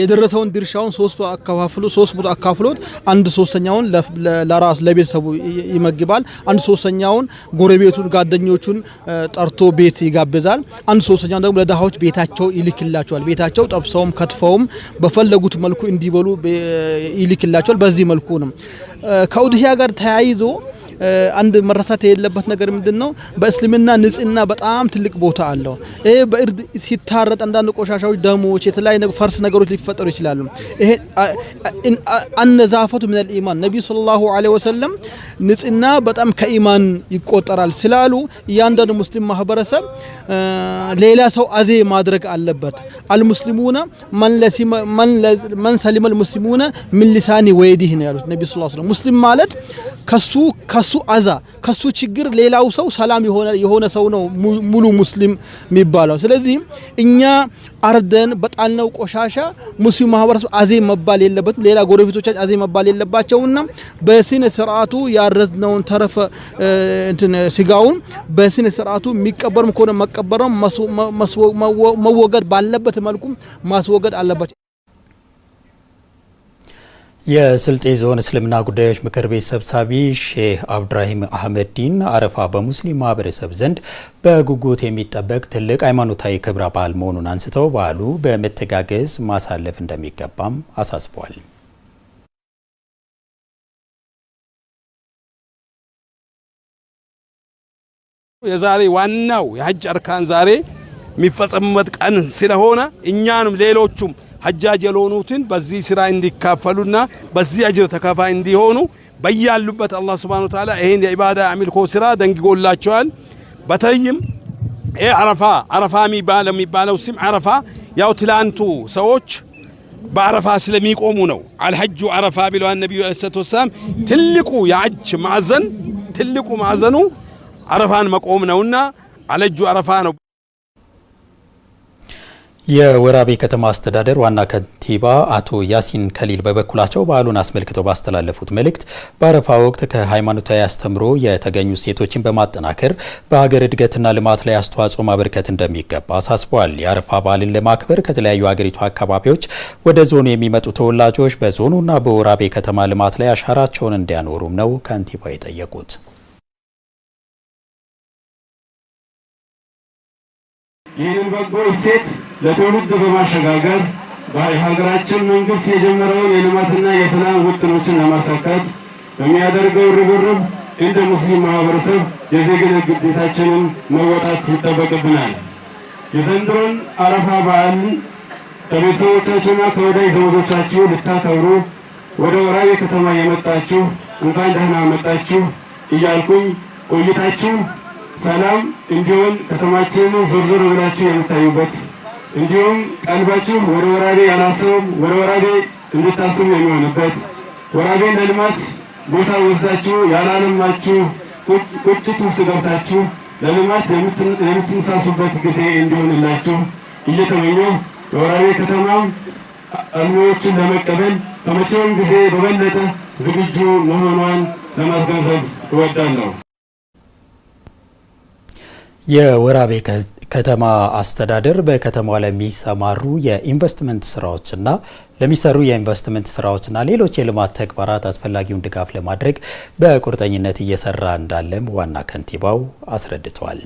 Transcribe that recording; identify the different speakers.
Speaker 1: የደረሰውን ድርሻውን ሶስት አካፍሎ ሶስት ቦታ አካፍሎት አንድ ሶስተኛውን ለራስ ለቤተሰቡ ይመግባል። አንድ ሶስተኛውን ጎረቤቱን፣ ጓደኞቹን ጠርቶ ቤት ይጋብዛል። አንድ ሶስተኛውን ደግሞ ለድሃዎች ቤታቸው ይልክላቸዋል። ቤታቸው ጠብሰውም ከትፈውም በፈለጉት መልኩ እንዲበሉ ይልክላቸዋል። በዚህ መልኩ ነው ከኡድሂያ ጋር ተያይዞ አንድ መረሳት የሌለበት ነገር ምንድን ነው? በእስልምና ንጽህና በጣም ትልቅ ቦታ አለው። ይሄ በእርድ ሲታረጥ አንዳንድ ቆሻሻዎች፣ ደሞች፣ የተለያዩ ፈርስ ነገሮች ሊፈጠሩ ይችላሉ። ይሄ አነዛፈቱ ምን ልኢማን ነቢዩ ሰለላሁ ዐለይሂ ወሰለም ንጽህና በጣም ከኢማን ይቆጠራል ስላሉ እያንዳንዱ ሙስሊም ማህበረሰብ ሌላ ሰው አዜ ማድረግ አለበት። አልሙስሊሙነ መን ሰሊመ አልሙስሊሙነ ምን ሊሳኒ ወይዲህ ነው ያሉት ነቢ ስ ሙስሊም ማለት ከሱ ከሱ አዛ ከሱ ችግር ሌላው ሰው ሰላም የሆነ ሰው ነው ሙሉ ሙስሊም የሚባለው። ስለዚህ እኛ አርደን በጣልነው ቆሻሻ ሙስሊም ማህበረሰብ አዜ መባል የለበትም። ሌላ ጎረቤቶቻችን አዜ መባል የለባቸውና በስነ ስርዓቱ ያረድነውን ተረፈ ስጋውን በስነ ስርዓቱ የሚቀበርም ከሆነ መቀበረም መወገድ ባለበት መልኩ ማስወገድ አለባቸው።
Speaker 2: የስልጤ ዞን እስልምና ጉዳዮች ምክር ቤት ሰብሳቢ ሼህ አብዱራሂም አህመድ ዲን አረፋ በሙስሊም ማህበረሰብ ዘንድ በጉጉት የሚጠበቅ ትልቅ ሃይማኖታዊ ክብረ በዓል መሆኑን አንስተው በዓሉ በመተጋገዝ ማሳለፍ እንደሚገባም አሳስበዋል።
Speaker 3: የዛሬ ዋናው የሀጅ አርካን ዛሬ የሚፈጸምበት ቀን ስለሆነ እኛንም ሌሎቹም ሀጃጅ የሆኑትን በዚህ ስራ እንዲካፈሉና በዚህ አጅር ተካፋይ እንዲሆኑ በያሉበት አላህ ሱብሓነሁ ወተዓላ ይህን የኢባዳ አምልኮ ስራ ደንግጎላቸዋል። በተይም ይሄ አረፋ አረፋ የሚባለው ስም አረፋ ያው ትላንቱ ሰዎች በአረፋ ስለሚቆሙ ነው። አልሐጁ አረፋ ብለዋል ነቢዩ ሰት ወሰላም። ትልቁ የሐጅ ማዕዘን ትልቁ ማዕዘኑ አረፋን መቆም ነውና አለጁ አረፋ ነው።
Speaker 2: የወራቤ ከተማ አስተዳደር ዋና ከንቲባ አቶ ያሲን ከሊል በበኩላቸው በዓሉን አስመልክተው ባስተላለፉት መልእክት በአረፋ ወቅት ከሃይማኖታዊ አስተምሮ የተገኙ ሴቶችን በማጠናከር በሀገር እድገትና ልማት ላይ አስተዋጽኦ ማበርከት እንደሚገባ አሳስበዋል። የአረፋ በዓልን ለማክበር ከተለያዩ ሀገሪቱ አካባቢዎች ወደ ዞኑ የሚመጡ ተወላጆች በዞኑና በወራቤ ከተማ ልማት ላይ አሻራቸውን እንዲያኖሩም ነው ከንቲባ የጠየቁት። ይህንን በጎ ሴት ለትውልድ በማሸጋገር የሀገራችን መንግስት የጀመረውን የልማትና የሰላም ውጥኖችን ለማሳካት በሚያደርገው ርብርብ እንደ ሙስሊም ማህበረሰብ የዜግነት ግዴታችንን መወጣት ይጠበቅብናል። የዘንድሮን አረፋ በዓል ከቤተሰቦቻችሁና ከወዳጅ ዘመዶቻችሁ ልታከብሩ ወደ ወራቤ ከተማ የመጣችሁ እንኳን ደህና መጣችሁ እያልኩኝ ቆይታችሁ ሰላም እንዲሆን ከተማችንን ዞር ዞር ብላችሁ የምታዩበት እንዲሁም ቀልባችሁ ወደ ወራቤ ያላሰበም ወደ ወራቤ እንድታስቡ የሚሆንበት ወራቤን ለልማት ቦታ ወስዳችሁ ያላለማችሁ ቁጭት ውስጥ ገብታችሁ ለልማት የምትንሳሱበት ጊዜ እንዲሆንላችሁ እየተመኘሁ የወራቤ ከተማም አልሚዎችን ለመቀበል ከመቼውም ጊዜ በበለጠ ዝግጁ መሆኗን ለማስገንዘብ እወዳለሁ። የወራቤ ከተማ አስተዳደር በከተማዋ ለሚሰማሩ የኢንቨስትመንት ስራዎችና ለሚሰሩ የኢንቨስትመንት ስራዎችና ሌሎች የልማት ተግባራት አስፈላጊውን ድጋፍ ለማድረግ በቁርጠኝነት እየሰራ እንዳለም ዋና ከንቲባው አስረድተዋል።